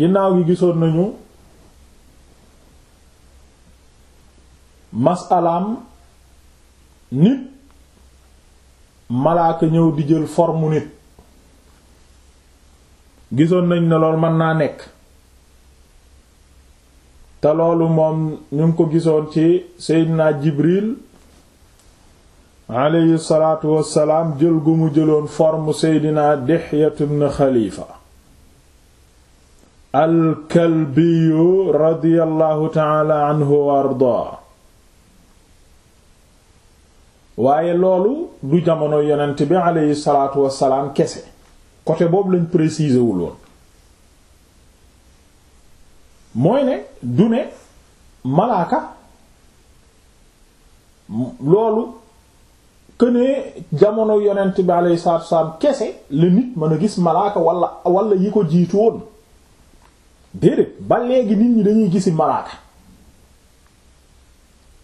ginnaaw gi gisoon nañu masalaam nit malaaka ñëw di jël forme nit gisoon nañ ne lool mën naa nekk te loolu moom ñu ngi ko gisoon ci Seydina Jibril alayhi salaatu wassalaam jël gu mu jëloon forme Seydina Dihyatu ibn Xalifa alkalbiyu radiyallahu taala anhu wa ardaa waaye loolu du jamono yonent bi aleyhi salaatu wassalaam kese côté boobu lañ préciser wul woon mooy ne du ne malaaka loolu kënee jamono yonent bi aleyhi salaatu wassalaam kese la nit mën a gis malaaka walla walla yi ko jiitu woon déedéet ba léegi nit ñi dañuy gisi malaaka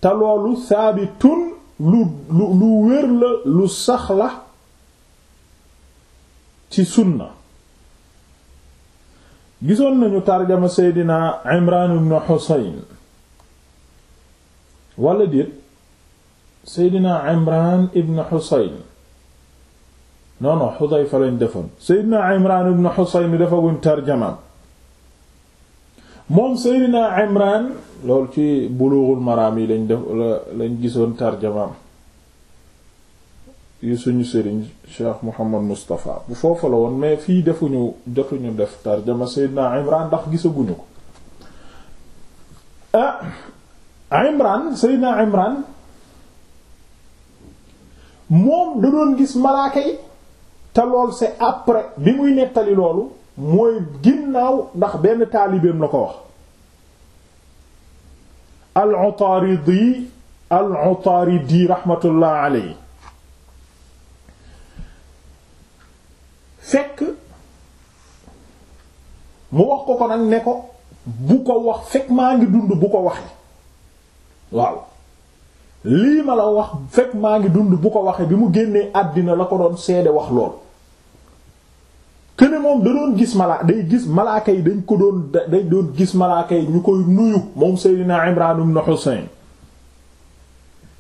te loolu saabitun lu lu wér la lu sax la ci sunna gisoon nañu tarjama seydina imran ibn xusayn wala déet seydina imran ibn xusayn non non xudayfa lañ defoon seydina imran ibn xusayn defaguñ tarjamaam moom Seydina Imran loolu ci Bulughul Maram yi lañ def lañ gisoon tarjamaam yu suñu sëriñ Cheikh Mouhamad Moustapha bu foofu la woon mais fii defuñu jotuñu def tarjama Seydina Imran ndax gisaguñu ko ah Imran Seydina Imran moom da doon gis malaake yi te lool c'est après bi muy nettali loolu mooy ginnaaw ndax benn taalibeem la ko wax al-Utaridi al-Utaridi rahmatullah alayhi fekk mu wax ko ko nag ne ko bu ko wax fekk maa ngi dund bu ko waxee waaw lii ma la wax fekk maa ngi dund bu ko waxee bi mu génnee àddina la ko doon seede wax loolu këne moom da doon gis malaa malaaka yi dañ ko doon dañ doon gis malaaka yi ñu koy nuyu moom Seydina Imran ibn Husayn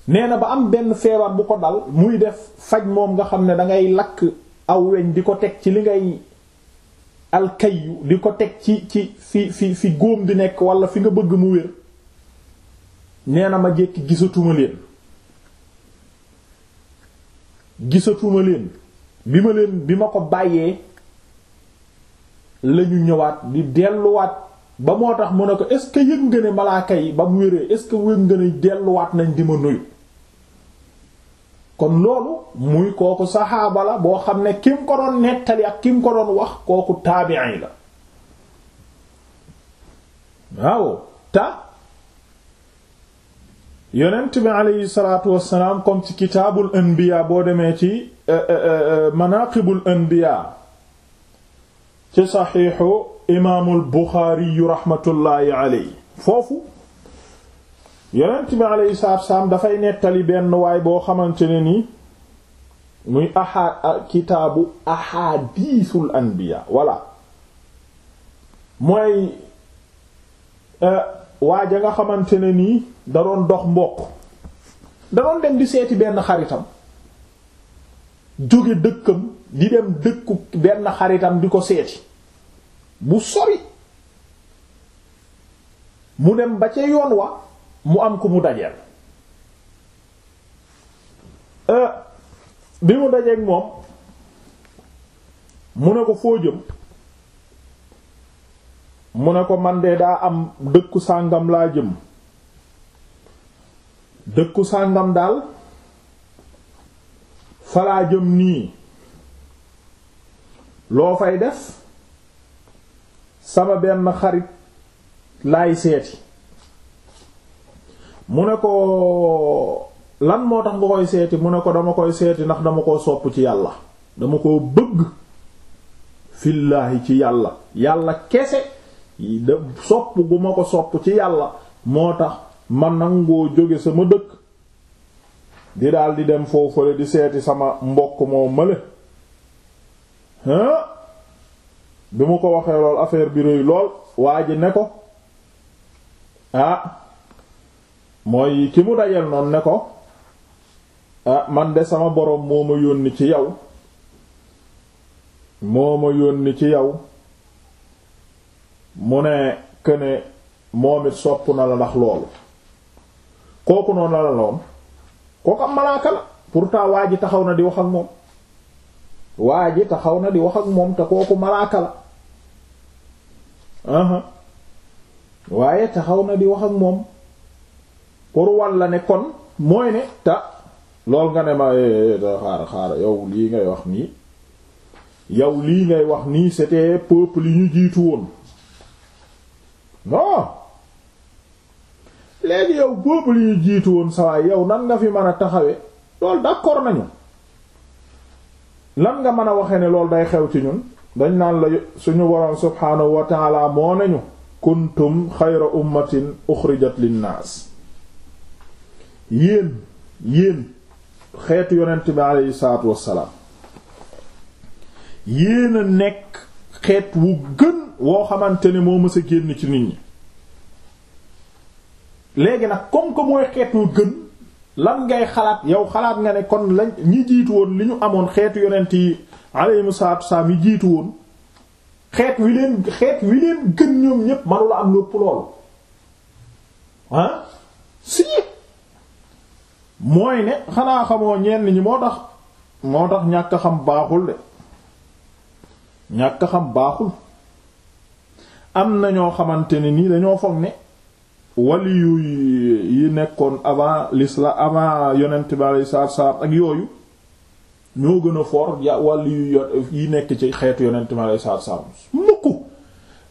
nee ba am benn feebar bu ko dal muy def faj moom nga xam ne dangay lakk aw weñ di ko teg ci li ngay alkayu di ko teg ci ci fi fi fi góom di nekk wala fi nga bëgg mu wér nee na ma jékki gisatuma leen gisatuma leen bi ma leen bi ma ko bàyyee la ñu ñëwaat di delluwaat ba moo tax mu ne ko est ce que yëg nga ne malaaka yi ba mu wéree est ce que yëg nga ne delluwaat nañ di ma nuyu kon loolu muy kooku saxaaba la boo xam ne ki mu ko doon nettali ak ki mu ko doon wax kooku taabi'i la waaw ta yonent bi aleyhi salaatu wassalaam comme ci kitaabul anbiya boo demee ci eh, eh, eh, manaqibul anbiya ci saxiixu imaamul Buxaari raxmatullaahi aley foofu yonent bi aleyhi dafay nettali benn waay boo xamante ne nii muy ahaa kitaabu ahaadiisul anbiyaa walla mooy e, waaja nga xamante ne nii da doon dox mbokk da doon dem di seeti benn xaritam jóge dëkkam di dem dëkku benn xaritam bi ko seeti bu sori mu dem ba ca yoon wa mu am ku mu dajeel euh, bi mu dajeeg moom mu ne ko foo jëm mu ne ko man de daa am dëkku sàngam laa jëm dëkku sàngam daal falaa jëm nii loo fay def sama benn xarit laay seeti mu ne ko lan moo tax nga koy seeti mu ne ko dama koy seeti ndax dama koo sopp ci yàlla dama koo bëgg fillaahi ci yàlla yàlla kese da sopp gu ma ko sopp ci yàlla moo tax ma nangoo jóge sama dëkk di dal di dem foofale di seeti sama mbokk moo male bi mu ko waxee lool affaire bi rëy lool waa ji ne ko ah mooy ki mu dajeel noonu ne ko ah man de sama boroom moo ma yónni ci yow moo ma yónni ci yow mu ne këne moom it sopp na la ndax loolu kooku noonu la la loon kooku am malaaka la pourtant waa ji taxaw na di wax moom waa ji taxaw na di wax ak moom te kooku malaaka la aha waaye taxaw na di wax ak moom pour la ne kon mooy ne ta lool nga ne ma xaar eh, eh, eh, xaar yow lii ngay wax nii yow lii ngay wax nii c'était peuple yi ñu jiitu woon non léegi yow peuple yi ñu jiitu woon sawaay yow nan nga fi mën a taxawe loolu d'accord nañu lan nga mën a waxee ne loolu day xew ci ñun dañ naan la suñu waroon subhaanahu wa taala moo nañu kuntum xayra ummatin uxrijat linnaas yéen yéen xeetu yonent bi aleyhi salaatu wassalaam yéen nekk xeet wu gën woo xamante ne moo mës a génn ci nit ñi léegi nag comme que mooy xeet wu gën lan ngay xalaat yow xalaat nga ne kon lañ ñi jiitu woon li ñu amoon xeetu yonent yi alayhimu saatu wassalaam yi jiitu woon xeet wi leen xeet wi leen gën ñoom ñépp manula am lépp loolu ah si mooy ne xanaa xamoo ñenn ñi moo tax moo tax ñàkk xam baaxul de ñàkk xam baaxul am na ñoo xamante ne nii dañoo foog ne waliyu yi nekkoon avant la avant yonent bi aleyhi salaatu ak yooyu ñoo gën a fort ya waliyu yi nekk ci xeetu yonent bi aleyhi salaatu salaam mukk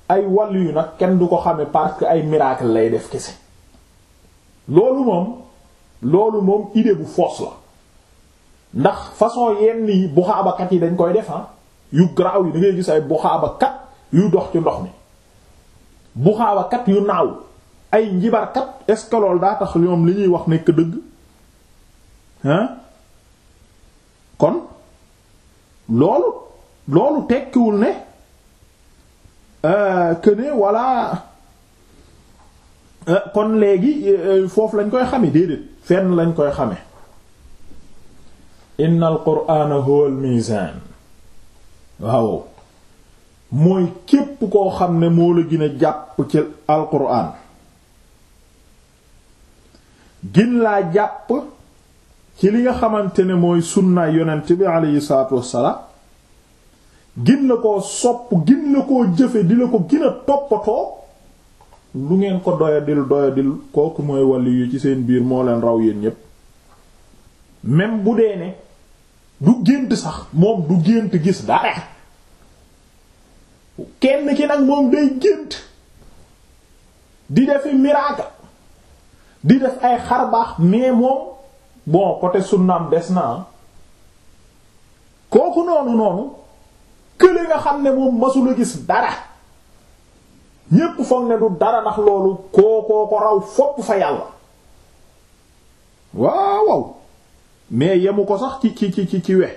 ay yu nag kenn du ko xame parce que ay miracle lay def kese loolu moom loolu moom idée bu fausse la ndax façon yenn yi buxaabakat yi dañ koy def ah, yu garaaw yi da ngay gis ay buxaabakat yu dox ci ndox mi buxaabakat yu naaw ay njibarkat est-ce que loolu daa tax ñoom li ñuy wax nekk dëgg kon loolu loolu tekkiwul ne euh, que walla euh, kon léegi euh, foofu lañ koy xame déedéet fenn lañ koy xame innal qur'ana huwal mizan waaw mooy képp koo xam ne moo la gën a jàpp ci alquran gin laa jàpp ci li nga xamante ne mooy sunnaay yonent bi aleyhi salaatu wassalaam gin la koo sopp gin la koo jëfe di la ko gin toppatoo lu ngeen ko doyadil doyadil kooku mooy wàlli yu ci seen biir moo leen raw yéen ñépp même bu dee ne du gént sax moom du gént gis dara kenn ki nag moom day gént di defi miracle di def ay xar baax mais moom bon côté sunnaam des na kooku noonu noonu kële nga xam ne moom masula gis dara ñépp foog ne du dara ndax loolu kookoo ko raw fopp fa yàlla waaw waaw mais yemu ko sax ci ci ci ci we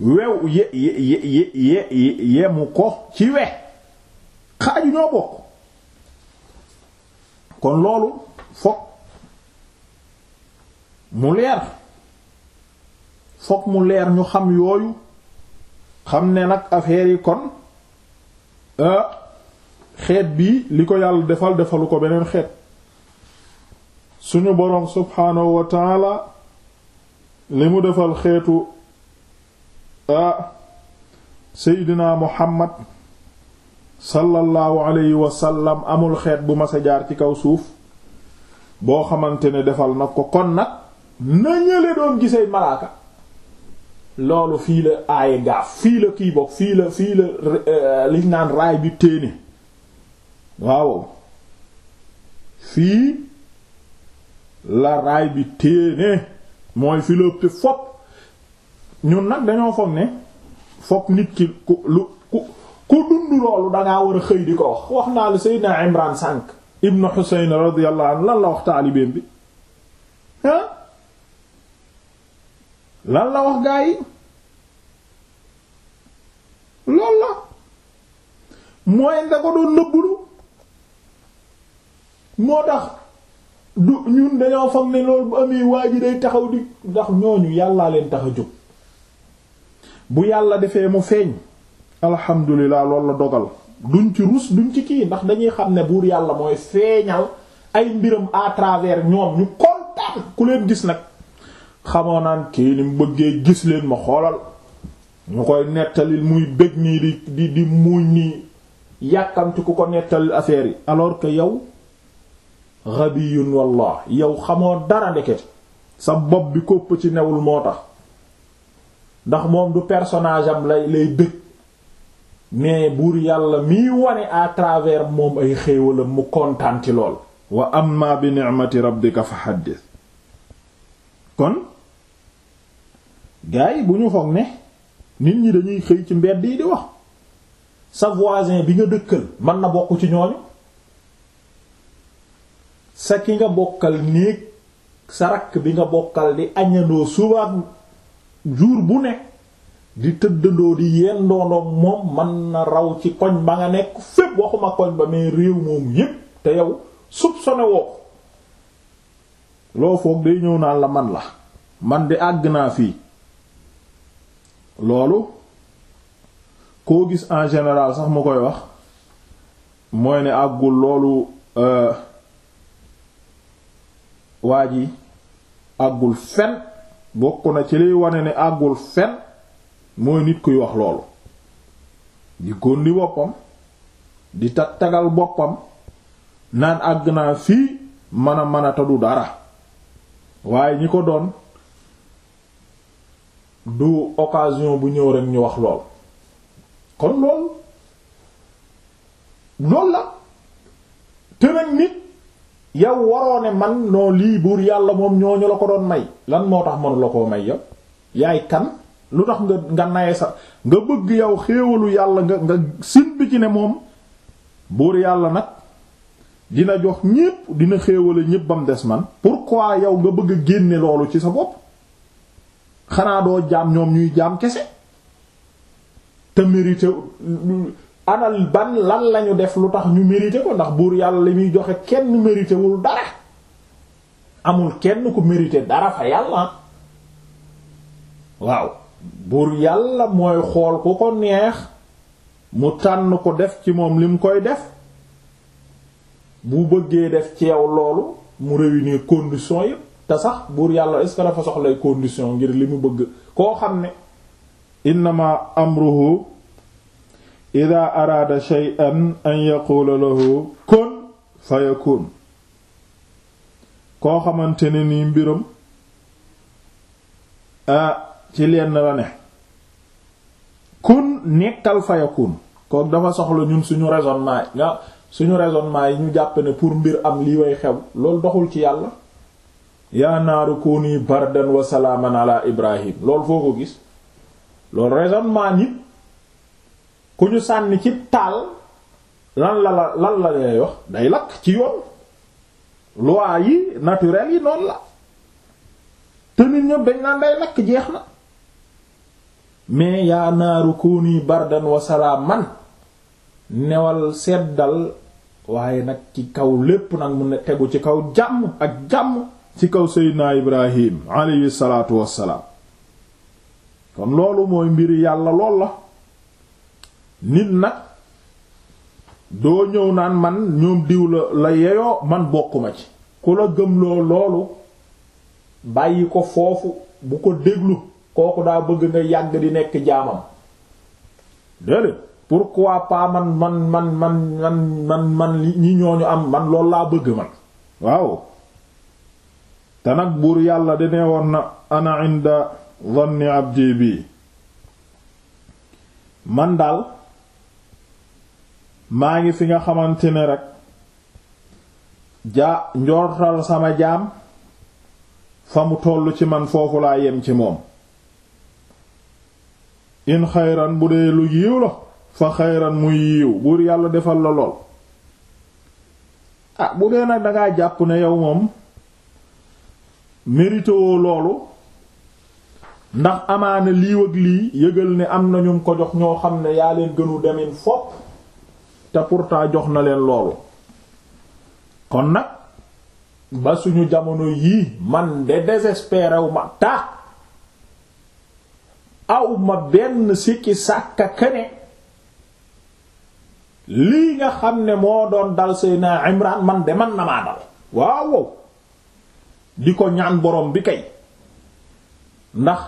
wew ye ye ye yemu ko ci we xaaju ñoo bokk kon loolu fokk mu leer fokk mu leer ñu xam yooyu xam ne nag affaire kon euh, xeet bi li ko yàlla defal defalu ko beneen xeet suñu boroom subhaanahu wa taala li mu defal xeetu ah euh, seydinaa muhammad sallallahu alayhi wa sallam amul xeet bu mas a jaar ci kaw suuf boo xamante ne defal na ko kon nag nañale doon gisee malaaka loolu fii la aaye gaaf fii la kii bokk fii la fii la euh, liñ naan raay bi téene waaw fii la raay bi téene mooy fi la ëpp fopp ñun nag dañoo foog ne foog nit ki ku lu ku ku dund loolu dangaa war a xëy di ko wax wax naa la Seydina Imran sànq ibnu Xuseyn radiyallahu anhu lan la wax taalibeem bi ah lan la wax gaa yi loolu la mooy da ko doon nëbbulu moo tax du ñun dañoo fam ne loolu bu amee waa day taxaw di ndax ñooñu yàllaa leen tax a jóg bu yàlla defee mu feeñ alhamdulilah loolu la dogal duñ ci rus duñ ci kii ndax dañuy xam ne buur yàlla mooy feeñal ay mbiram à travers ñoom ñu kontaan ku leen gis nag xamoo naan kii ni bëggee gis leen ma xoolal ñu koy nettalil muy bëgg nii di di di muuñ nii yàkkamti ku ko nettalil affaire yi alors que yow ghabiyun wallah yow xamoo dara ndeket sa bopp bi kopp ci newul moo tax ndax moom du personnage am lay lay bëgg mais buur yàlla miy wane à travers moom ay xéewalam mu kontaan ci lool wa amma bi ni'mati rabbika fa xaddis kon gars yi bu ñu foog ne nit ñi dañuy xëy ci mbedd yi di wax sa voisin bi nga dëkkal mën na bokk ci ñooñu sa ki nga bokkal néeg sa rakk bi nga bokkal di añandoo suba jour bu nekk di tëddandoo di yendoondoom moom man na raw ci koñ ba nga nekk fépp waxuma koñ ba mais réew moom yépp te yow soupçonné woo loo foog day ñëw naan la man la man di àgg naa fii loolu koo gis en général sax mu koy wax mooy ne àggul loolu euh, waa ji àggul fen bokk na ci liy wane ne àggul fen mooy nit kuy wax loolu di góndi boppam di tag tagal boppam naan àgg naa fii mën a mën a tadu dara waaye ñi ko doon du occasion bu ñëw rekk ñu wax lool kon lool lool la te nag nit yow waroo ne man noo lii buur yàlla moom ñooñu la ko doon may lan moo tax mënu koo may yow yaay kan lu tax nga nga naye sa nga bëgg yow xéewalu yàlla nga nga sin bi ci ne moom buur yàlla nag dina jox ñépp dina xéewale ñépp bam des man pourquoi yow nga bëgg a génne loolu ci sa bopp xanaa doo jaam ñoom ñuy jaam kese te mérité anal ban lan lañu def lu tax ñu mérité ko ndax buur yàlla li muy joxe kenn mérité wul dara amul kenn ku mérité dara fa yàlla waaw buur yàlla mooy xool ku ko neex mu tànn ko def ci moom lim koy def bu bëggee def ci yow loolu mu réunir conditions yépp te sax buur yàlla est-ce dafa soxlay condition ngir li mu bëgg koo xam ne innama amruhu ida araada shay'an an yaquula lahu kun fayakun koo xamante ne mbiram ah, ci lenn la ne kun nekkal fayakun kooku dafa soxla ñun suñu raisonnement yi ñu jàpp ne pour mbir am lii way xew loolu doxul ci yàlla yaa naaru kuni bardan wa salaaman ala ibrahim loolu foo ko gis loolu raisonnement nit ku ñu sànni ci taal lan la lan la lay wax day lakk ci yoon loi yi naturel yi noonu la te nit ñëpp dañ naan lakk jeex na mais yaa naaru kuni bardan wa salaaman newal seddal waaye nag ci kaw lépp nag mu ne tegu ci kaw jàmm ak jàmm ci kaw seydinaa ibrahim aleyhi salaatu wassalaam kon loolu mooy mbir yàlla lool la nit nag doo ñëw naan man ñoom diw la yeyoo man bokkuma ci ku la gëmloo loolu bàyyi ko foofu bu ko déglu kooku daa bëgg nga yàgg di nekk jaamam déedéet pourquoi pas man man man man man man man ñi am man loolu laa bëgg man waaw te nag buur yàlla di nee woon na ana inda dhanni abdi bi man daal maa ngi fi nga xamante ne rekk jaa njoortal sama jaam fa mu tollu ci man foofu laa yem ci moom in xayran bu dee lu yiw la fa xayran muy yiw buur yàlla defal la lool ah bu dee nag dangaa jàpp ne yow moom mérité loolu ndax amaana lii lii yëgal ni am na ko jox ñoo xam ne yaa leen gënu demin fopp te pourtant jox na leen loolu kon nag ba suñu jamono yii man de désespéré wu aw ma benn sikki sàkka kene lii nga xam ne moo doon dal Seydina Imraan man de man na maa dal waaw di ko ñaan borom bi kay ndax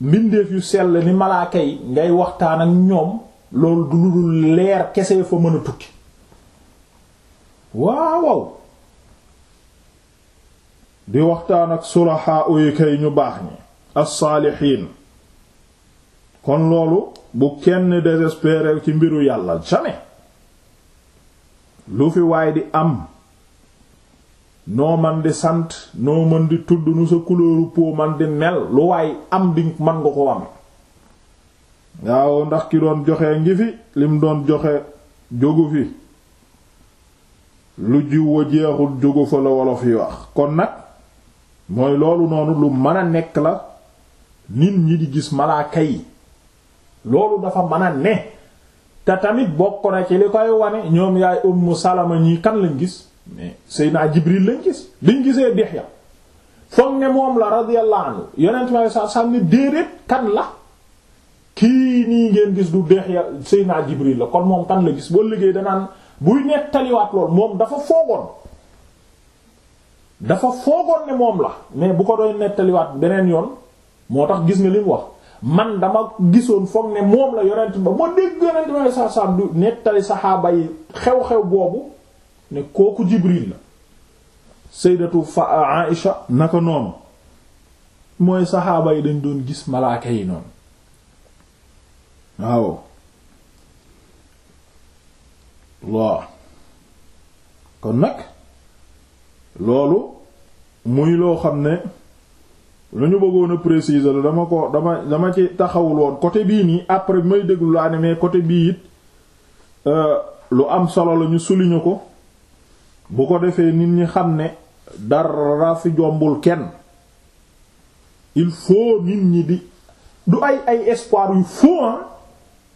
mbindeef yu sell ni malaaka yi ngay waxtaan ak ñoom loolu du lu dul leer kese fa mën a tukki waaw di waxtaan ak sulaxaa uyi kay ñu baax ñi as kon loolu bu kenn désespéré ci mbiru yàlla jamais lu fi waay di am noo di sant noo di tudd nu sa couleur peau di mel lu waay am di man nga ko ndax ki doon joxe ngi fi lim doon joxe jógu fi lu jiw wa jeexul jógu fa la wolof yi wax kon nag mooy loolu noonu lu mën a nekk la nit ñi di gis malaaka yi loolu dafa mën a ne te tamit bokk na ci li koy wane ñoom yaay ummu salama ñii kan lañ gis mais naa Jibril lañ gis liñ gisee Dihya foog ne moom la radiyallahu anhu yonent ma sa sànni déedéet kan la kii nii ngeen gis du Dihya naa Jibril la kon moom kan la gis boo liggéey danaan buy nettaliwaat lool moom dafa foogoon dafa foogoon ne moom la mais bu ko doon nettaliwaat beneen yoon moo tax gis nga li wax man dama gisoon foog ne moom la yonent ba ma dégg yonent ba ne sax sax du nettali saxaaba yi xew-xew boobu ne kooku Jibril la sayyidatu fa euh, Aïsha naka noonu mooy saxaaba yi dañ doon gis malaaka yi noonu waaw waaw kon nag loolu muy loo xam ne lu ñu bëggoon a la dama ko dama dama ci taxawul woon côté bii nii après bi may déglu laa ne mais côté bii it euh, lu am solo la ñu souligner ko bu ko defee nit ñi xam ne dara jombul kenn il faut nit ñi di du ay ay espoir yu faux ah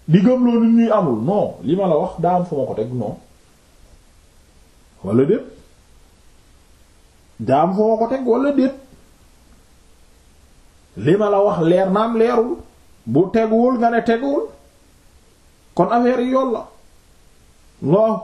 di gëm loo nit ñuy amul non li ma la wax daa am fu ma ko teg non wala déet daa am fu ma ko teg wala déet. li ma la wax leer naam leerul bu teguwul nga ne teguwul kon affaire yi yoon la loo